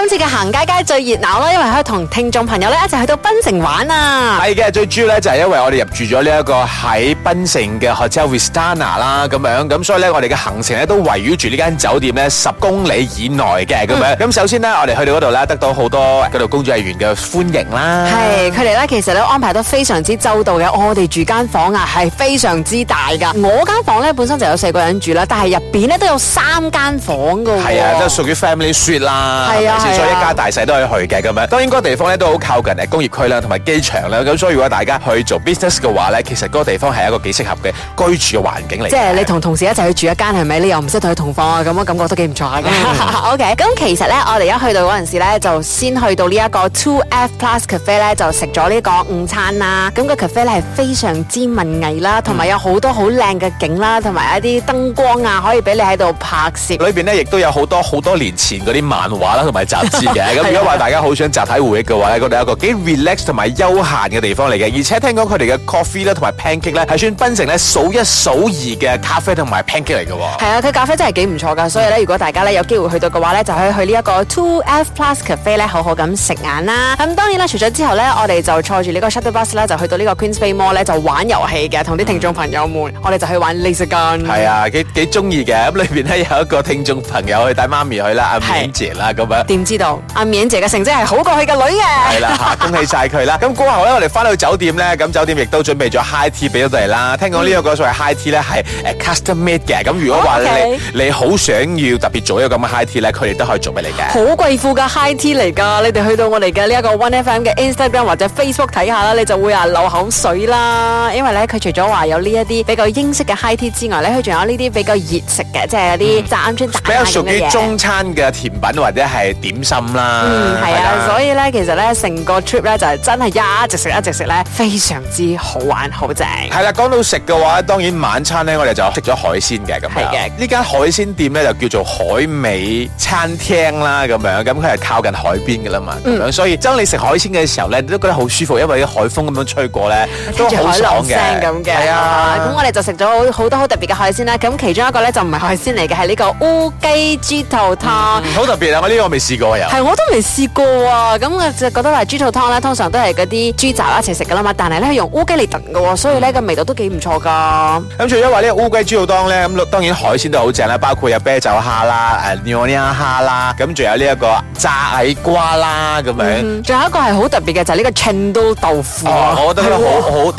今次嘅行街街最熱鬧啦，因為可以同聽眾朋友咧一齊去到檳城玩啊！係嘅，最主要咧就係因為我哋入住咗呢一個喺檳城嘅 Hotel Vistana 啦，咁樣咁所以咧我哋嘅行程咧都圍繞住呢間酒店咧十公里以內嘅咁樣。咁首先咧我哋去到嗰度咧得到好多嗰度工作人員嘅歡迎啦。係，佢哋咧其實咧安排得非常之周到嘅。我哋住間房啊係非常之大噶，我間房咧本身就有四個人住啦，但係入邊咧都有三間房噶。係啊，都係屬於 family suite 啦。係啊。所以一家大細都可以去嘅咁樣，當然嗰個地方咧都好靠近工業區啦，同埋機場啦。咁所以如果大家去做 business 嘅話咧，其實嗰個地方係一個幾適合嘅居住嘅環境嚟。即係你同同事一齊去住一間，係咪？你又唔識去同房啊？咁我感覺都幾唔錯下、嗯、 OK，咁其實咧，我哋一去到嗰陣時咧，就先去到 2F、cafe、呢一個 Two F Plus Cafe 咧，就食咗呢個午餐啦。咁、那個 cafe 咧係非常之文藝啦，同埋有好多好靚嘅景啦，同、嗯、埋一啲燈光啊，可以俾你喺度拍攝。裏邊咧亦都有好多好多年前嗰啲漫畫啦、啊，同埋是嘅，咁如果話大家好想集體回憶嘅話咧，嗰度有一個幾 relax 同埋休閒嘅地方嚟嘅，而且聽講佢哋嘅 coffee 咧同埋 pancake 咧係算分成咧數一數二嘅咖啡同埋 pancake 嚟嘅喎。係啊，佢咖啡真係幾唔錯㗎，所以咧如果大家咧有機會去到嘅話咧，就可以去呢一個 Two F Plus 咖啡咧好好咁食晏啦。咁當然啦，除咗之後咧，我哋就坐住呢個 shuttle bus 咧就去到呢個 Queen’s Bay Mall 咧就玩遊戲嘅，同啲聽眾朋友們，我哋就去玩 Laser Gun。係啊，幾幾中意嘅，咁裏邊咧有一個聽眾朋友去帶媽咪去啦，阿 Angie 啦咁樣。知道阿冕姐嘅成績係好過佢嘅女嘅，係啦嚇，恭喜晒佢啦！咁 過後咧，我哋翻到酒店咧，咁酒店亦都準備咗 high tea 俾咗佢哋啦。聽講呢一個所謂 high tea 咧係誒 custom made 嘅，咁如果話你、okay. 你好想要特別做一個咁嘅 high tea 咧，佢哋都可以做俾你嘅。好貴婦嘅 high tea 嚟㗎，你哋去到我哋嘅呢一個 One FM 嘅 Instagram 或者 Facebook 睇下啦，你就會啊流口水啦，因為咧佢除咗話有呢一啲比較英式嘅 high tea 之外咧，佢仲有呢啲比較熱食嘅，即係啲炸鵪鶉蛋，比較屬於中餐嘅甜品或者係點心啦，嗯，係啊，啊，所以咧，其實咧，成個 trip 咧就係、真係一直食一直食咧，非常之好玩好正。係啦、啊，講到食嘅話，當然晚餐咧，我哋就食咗海鮮嘅咁樣。係嘅，呢間海鮮店咧就叫做海味餐廳啦，咁樣咁佢係靠近海邊噶啦嘛，咁樣、嗯、所以當你食海鮮嘅時候咧，你都覺得好舒服，因為啲海風咁樣吹過咧，都好爽嘅。係啊，咁、啊、我哋就食咗好，好多好特別嘅海鮮啦。咁其中一個咧就唔係海鮮嚟嘅，係呢、這個烏雞豬頭湯，好、嗯嗯、特別啊！我、這、呢個我未試過。係我都未試過啊！咁我就覺得話豬肚湯咧，通常都係嗰啲豬雜一齊食噶啦嘛。但係咧用烏雞嚟燉嘅喎，所以呢個、嗯、味道都幾唔錯噶。咁、嗯、除咗話呢個烏雞豬肚湯咧，咁當然海鮮都好正啦，包括有啤酒蝦啦、誒牛油蝦啦，咁、嗯、仲有呢、嗯、一個炸矮瓜啦咁樣。仲有一個係好特別嘅，就係、是、呢個青豆豆腐、啊哦。我覺得呢好、哦、好，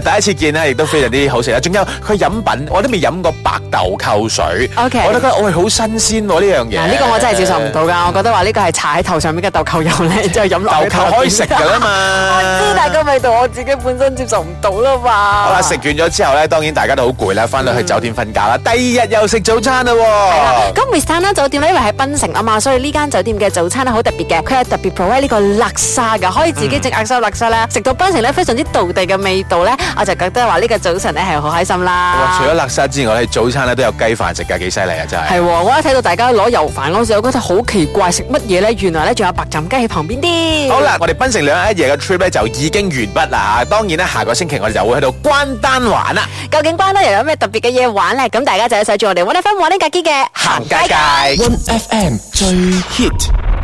第誒第一次見呢，亦都非常之好食啊！仲 有佢飲品，我都未飲過白豆扣水。Okay. 我覺得佢，我係好新鮮呢樣嘢。呢、這個我真係接受唔到㗎，我覺得話呢、嗯。這個都係搽喺頭上邊嘅豆蔻油咧，之後飲落去頭。豆蔻可以食噶啦嘛？我知但係個味道我自己本身接受唔到啦嘛。好啦，食完咗之後咧，當然大家都好攰啦，翻到去酒店瞓覺啦。第二日又食早餐啦。係啦，咁 Mistana 酒店咧，因為喺檳城啊嘛，所以呢間酒店嘅早餐咧好特別嘅，佢係特別 provide 呢個叻沙嘅，可以自己整壓沙叻沙咧，食到檳城咧非常之道地嘅味道咧，我就覺得話呢個早晨咧係好開心啦。哇！除咗叻沙之外咧，早餐咧都有雞飯食㗎，幾犀利啊！真係。係喎，我一睇到大家攞油飯嗰陣時，我覺得好奇怪，食乜？嘢咧，原來咧仲有白斬雞喺旁邊啲。好啦，我哋檳城兩日一夜嘅 trip 咧就已經完畢啦嚇。當然咧，下個星期我哋就會喺度關丹玩啦。究竟關丹又有咩特別嘅嘢玩咧？咁大家就一齊做我哋 One FM One Link 格機嘅行街街。Bye -bye. OneFM,